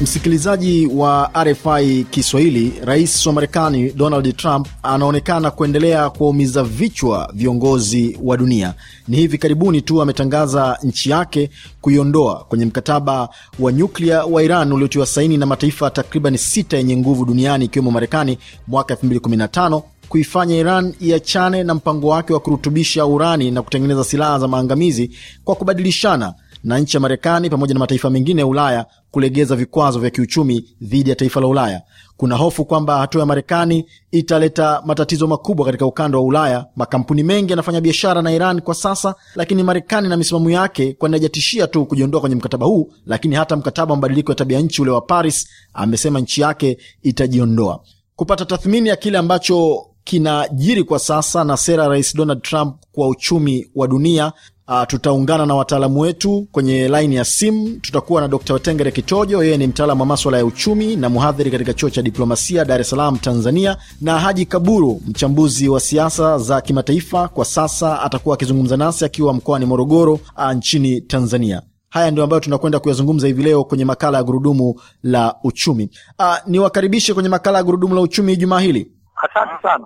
Msikilizaji wa RFI Kiswahili, rais wa Marekani Donald Trump anaonekana kuendelea kuwaumiza vichwa viongozi wa dunia. Ni hivi karibuni tu ametangaza nchi yake kuiondoa kwenye mkataba wa nyuklia wa Iran uliotiwa saini na mataifa takriban sita yenye nguvu duniani ikiwemo Marekani mwaka 2015 kuifanya Iran iachane na mpango wake wa kurutubisha urani na kutengeneza silaha za maangamizi kwa kubadilishana na nchi ya Marekani pamoja na mataifa mengine ya Ulaya kulegeza vikwazo vya kiuchumi dhidi ya taifa la Ulaya. Kuna hofu kwamba hatua ya Marekani italeta matatizo makubwa katika ukanda wa Ulaya. Makampuni mengi yanafanya biashara na Iran kwa sasa, lakini Marekani na misimamo yake, kwani hajatishia tu kujiondoa kwenye mkataba huu, lakini hata mkataba wa mabadiliko ya tabia nchi ule wa Paris, amesema nchi yake itajiondoa. Kupata tathmini ya kile ambacho kinajiri kwa sasa na sera ya Rais Donald Trump kwa uchumi wa dunia Uh, tutaungana na wataalamu wetu kwenye laini ya simu. Tutakuwa na Dr. Wetengere Kitojo, yeye ni mtaalamu wa maswala ya uchumi na mhadhiri katika chuo cha diplomasia Dar es Salaam, Tanzania, na Haji Kaburu, mchambuzi wa siasa za kimataifa, kwa sasa atakuwa akizungumza nasi akiwa mkoani Morogoro, uh, nchini Tanzania. Haya ndio ambayo tunakwenda kuyazungumza hivi leo kwenye makala ya gurudumu la uchumi. Uh, niwakaribishe kwenye makala ya gurudumu la uchumi jumaa hili. Asante sana.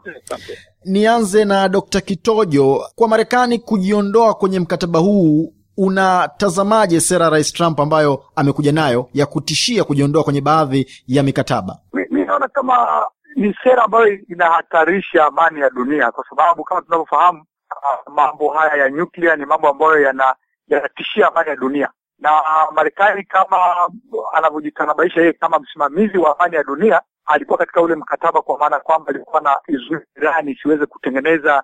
Nianze na Dr. Kitojo, kwa Marekani kujiondoa kwenye mkataba huu unatazamaje sera Rais Trump ambayo amekuja nayo ya kutishia kujiondoa kwenye baadhi ya mikataba? Mi naona kama ni sera ambayo inahatarisha amani ya dunia, kwa sababu kama tunavyofahamu, ah, mambo haya ya nyuklia ni mambo ambayo yana yanatishia amani ya dunia, na Marekani kama anavyojitanabaisha yeye kama msimamizi wa amani ya dunia alikuwa katika ule mkataba, kwa maana kwamba alikuwa na izuia Irani isiweze kutengeneza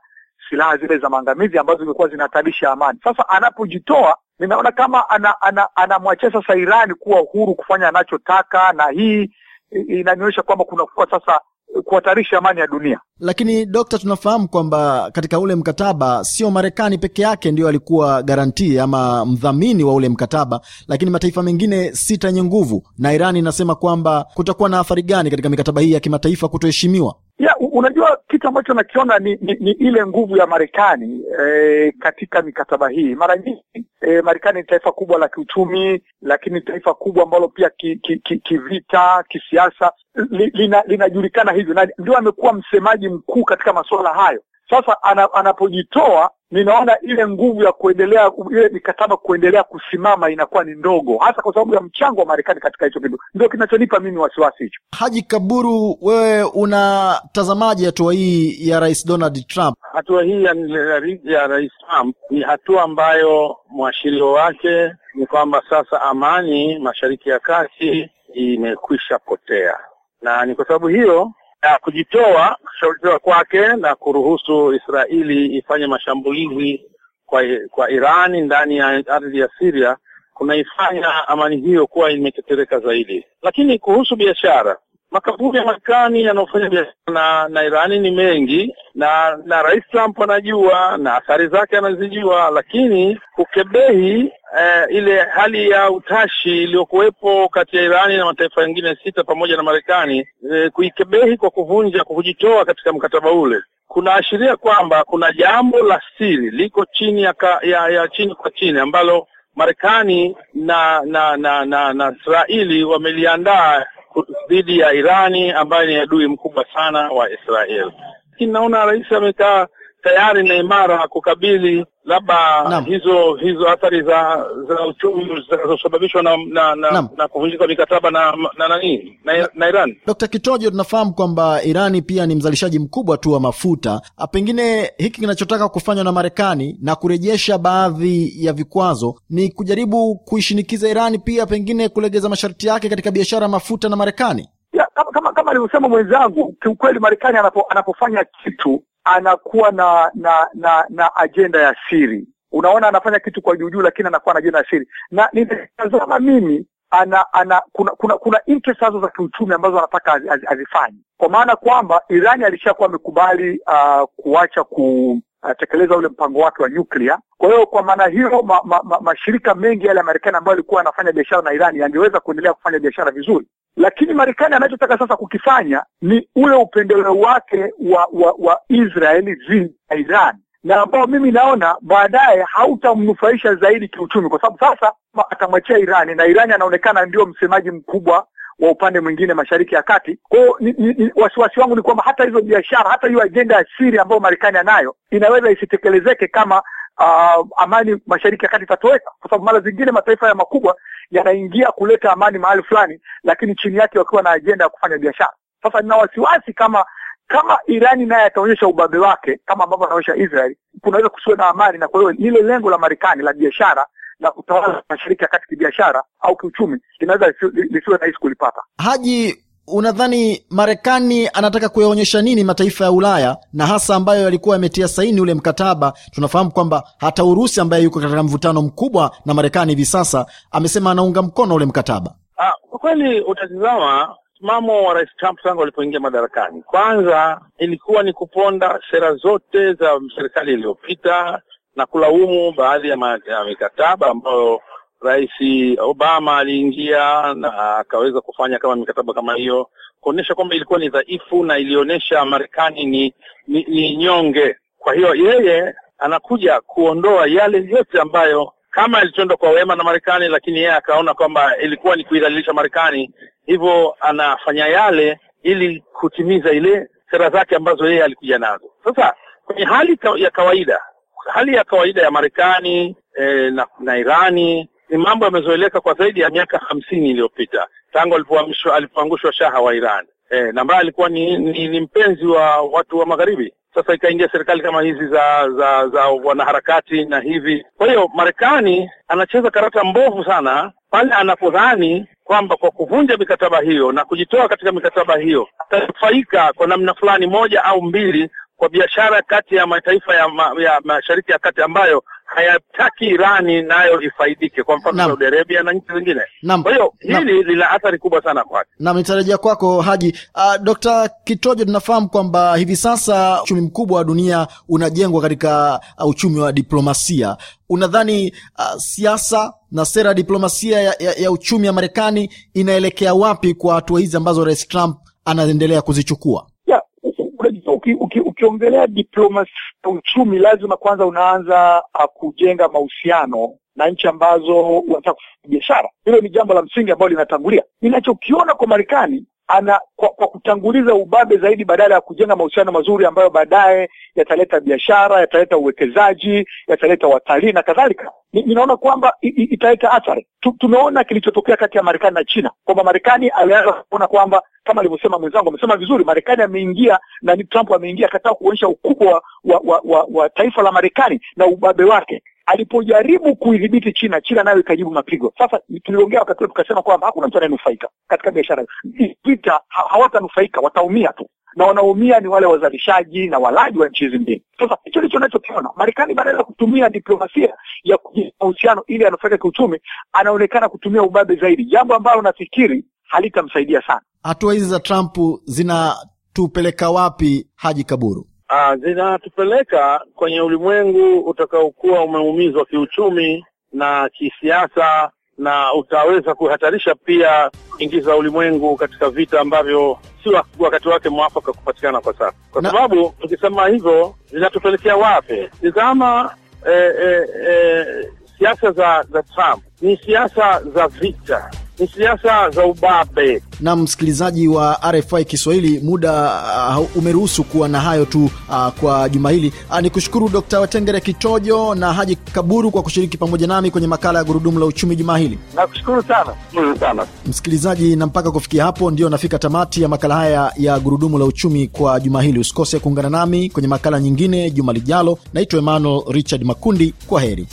silaha zile za maangamizi ambazo zimekuwa zinahatarisha amani. Sasa anapojitoa, ninaona kama anamwachia ana, ana sasa Irani kuwa huru kufanya anachotaka, na hii inanionyesha kwamba kunakuwa sasa kuhatarisha amani ya dunia. Lakini dokta, tunafahamu kwamba katika ule mkataba sio Marekani peke yake ndiyo alikuwa garantii ama mdhamini wa ule mkataba, lakini mataifa mengine sita yenye nguvu, na Irani inasema kwamba kutakuwa na athari gani katika mikataba hii ya kimataifa kutoheshimiwa? ya, unajua kitu ambacho nakiona ni, ni, ni ile nguvu ya Marekani e, katika mikataba hii. Mara nyingi e, Marekani ni taifa kubwa la kiuchumi, lakini taifa kubwa ambalo pia kivita ki, ki, ki kisiasa linajulikana lina hivyo, na ndio amekuwa msemaji mkuu katika masuala hayo sasa anapojitoa ninaona ile nguvu ya kuendelea ile mikataba kuendelea kusimama inakuwa ni ndogo, hasa kwa sababu ya mchango wa Marekani katika hicho kitu. Ndio kinachonipa mimi wasiwasi hicho. Haji Kaburu, wewe unatazamaje hatua hii ya Rais Donald Trump? Hatua hii ya, ya Rais Trump ni hatua ambayo mwashirio wake ni kwamba sasa amani Mashariki ya Kati imekwisha potea, na ni kwa sababu hiyo ya kujitoa kushauriwa kwake na kuruhusu Israeli ifanye mashambulizi kwa kwa Irani ndani ya ardhi ya Syria kunaifanya amani hiyo kuwa imetetereka zaidi. Lakini kuhusu biashara, makampuni ya Marekani yanayofanya biashara na, na Irani ni mengi na na Rais Trump anajua na athari zake anazijua, lakini ukebehi uh, ile hali ya utashi iliyokuwepo kati ya Irani na mataifa mengine sita pamoja na Marekani uh, kuikebehi kwa kuvunja kwa kujitoa katika mkataba ule kunaashiria kwamba kuna jambo la siri liko chini ya, ka, ya, ya chini kwa chini ambalo Marekani na na na na, na Israeli wameliandaa dhidi ya Irani ambayo ni adui mkubwa sana wa Israeli. Lakini naona rais amekaa tayari na imara kukabili labda hizo hizo athari za za uchumi zinazosababishwa na na, na, na kuvunjika mikataba na na nani na, na, na Iran. Dkt. Kitojo, tunafahamu kwamba Irani pia ni mzalishaji mkubwa tu wa mafuta. Ah, pengine hiki kinachotaka kufanywa na Marekani na kurejesha baadhi ya vikwazo ni kujaribu kuishinikiza Irani pia pengine kulegeza masharti yake katika biashara ya mafuta na Marekani. Ya, kama kama, kama alivyosema mwenzangu, kiukweli Marekani anapo, anapofanya kitu anakuwa na na na, na ajenda ya siri. Unaona, anafanya kitu kwa juujuu, lakini anakuwa na ajenda ya siri, na ninatazama mimi ana, ana kuna kuna, kuna interest hazo za kiuchumi ambazo anataka az, az, azifanye, kwa maana kwamba Irani alishakuwa amekubali uh, kuacha ku ah, ule mpango wake wa nyuklia. Kwa hiyo kwa maana hiyo ma, ma, ma, mashirika mengi yale ya Marekani ambayo yalikuwa yanafanya biashara na Irani yangeweza kuendelea kufanya biashara vizuri, lakini Marekani anachotaka sasa kukifanya ni ule upendeleo wake wa wa, wa Israeli dhidi ya Iran na ambao mimi naona baadaye hautamnufaisha zaidi kiuchumi, kwa sababu sasa atamwachia Irani na Irani anaonekana ndio msemaji mkubwa wa upande mwingine mashariki ya kati. Kwa hiyo wasiwasi wangu ni kwamba hata hizo biashara, hata hiyo ajenda ya siri ambayo Marekani anayo inaweza isitekelezeke kama uh, amani mashariki ya kati itatoweka, kwa sababu mara zingine mataifa haya makubwa yanaingia kuleta amani mahali fulani, lakini chini yake wakiwa na ajenda ya kufanya biashara. Sasa nina wasiwasi kama kama Irani naye ataonyesha ubabe wake kama ambavyo anaonyesha Israel, kunaweza kusiwe na amani, na kwa hiyo lile lengo la Marekani la biashara na utawala mashariki ya kati kibiashara au kiuchumi linaweza lisiwe rahisi kulipata. Haji, Unadhani Marekani anataka kuyaonyesha nini mataifa ya Ulaya na hasa ambayo yalikuwa yametia saini ule mkataba? Tunafahamu kwamba hata Urusi ambaye yuko katika mvutano mkubwa na Marekani hivi sasa amesema anaunga mkono ule mkataba. Ah, kwa kweli utatizama msimamo wa Rais Trump tangu alipoingia madarakani, kwanza ilikuwa ni kuponda sera zote za serikali iliyopita na kulaumu baadhi ya, ya mikataba ambayo Rais Obama aliingia na akaweza kufanya kama mikataba kama hiyo kuonyesha kwamba ilikuwa ni dhaifu na ilionyesha Marekani ni, ni, ni nyonge. Kwa hiyo yeye anakuja kuondoa yale yote ambayo kama alitendwa kwa wema na Marekani, lakini yeye akaona kwamba ilikuwa ni kuidhalilisha Marekani, hivyo anafanya yale ili kutimiza ile sera zake ambazo yeye alikuja nazo. Sasa kwenye hali ya kawaida, hali ya kawaida ya Marekani eh, na, na Irani ni mambo yamezoeleka kwa zaidi ya miaka hamsini iliyopita tangu alipoangushwa shaha wa Iran e, na ambaye alikuwa ni, ni, ni mpenzi wa watu wa magharibi. Sasa ikaingia serikali kama hizi za za za wanaharakati na hivi. Kwa hiyo Marekani anacheza karata mbovu sana pale anapodhani kwamba kwa kuvunja mikataba hiyo na kujitoa katika mikataba hiyo atanufaika kwa namna fulani moja au mbili kwa biashara kati ya mataifa ya, ma, ya Mashariki ya Kati ambayo hayataki Irani nayo ifaidike, kwa mfano Saudi Arabia na nchi zingine. Kwa hiyo hili lina athari kubwa sana kwake. Naam, nitarajia kwako Haji. Uh, ah, Dr. Kitojo, tunafahamu kwamba hivi sasa uchumi mkubwa wa dunia unajengwa katika ah, uchumi wa diplomasia. Unadhani uh, siasa na sera ya diplomasia ya, ya, ya uchumi ya Marekani inaelekea wapi kwa hatua hizi ambazo Rais Trump anaendelea kuzichukua? uki, uki, ukiongelea diplomasia uchumi, lazima kwanza unaanza ah, kujenga mahusiano na nchi ambazo unataka kufanya biashara. Hilo ni jambo la msingi ambalo linatangulia. Ninachokiona kwa Marekani ana kwa, kwa kutanguliza ubabe zaidi badala ya kujenga mahusiano mazuri ambayo baadaye yataleta biashara, yataleta uwekezaji, yataleta watalii na kadhalika. Ninaona kwamba italeta athari. Tumeona kilichotokea kati ya Marekani na China, kwamba Marekani alianza kuona kwamba kama alivyosema mwenzangu, amesema vizuri, Marekani ameingia na Trump ameingia, akataka kuonyesha ukubwa wa, wa, wa, wa taifa la Marekani na ubabe wake alipojaribu kuidhibiti China, China nayo ikajibu mapigo. Sasa tuliongea wakati ule tukasema kwamba hakuna mtu anayenufaika katika biashara vita, hawatanufaika wataumia tu na wanaumia ni wale wazalishaji na walaji wa nchi hizi mbili. Sasa hicho ndicho nachokiona Marekani, badala ya kutumia diplomasia ya mahusiano ili anufaika kiuchumi, anaonekana kutumia ubabe zaidi, jambo ambalo nafikiri halitamsaidia sana. Hatua hizi za Trump zinatupeleka wapi, Haji Kaburu? Ah, zinatupeleka kwenye ulimwengu utakaokuwa umeumizwa kiuchumi na kisiasa na utaweza kuhatarisha pia ingiza ulimwengu katika vita ambavyo si wakati wake mwafaka kupatikana kwa sasa, kwa sababu tukisema hivyo zinatupelekea wapi? Tizama eh, eh, eh, siasa za, za Trump ni siasa za vita ni siasa za ubabe. Na msikilizaji wa RFI Kiswahili, muda uh, umeruhusu kuwa na hayo tu uh, kwa juma hili. Uh, ni kushukuru Dkt. Watengere Kitojo na Haji Kaburu kwa kushiriki pamoja nami kwenye makala ya Gurudumu la Uchumi juma hili. Nakushukuru sana sana msikilizaji, na mpaka kufikia hapo ndio nafika tamati ya makala haya ya Gurudumu la Uchumi kwa juma hili. Usikose kuungana nami kwenye makala nyingine juma lijalo. Naitwa Emmanuel Richard Makundi, kwa heri.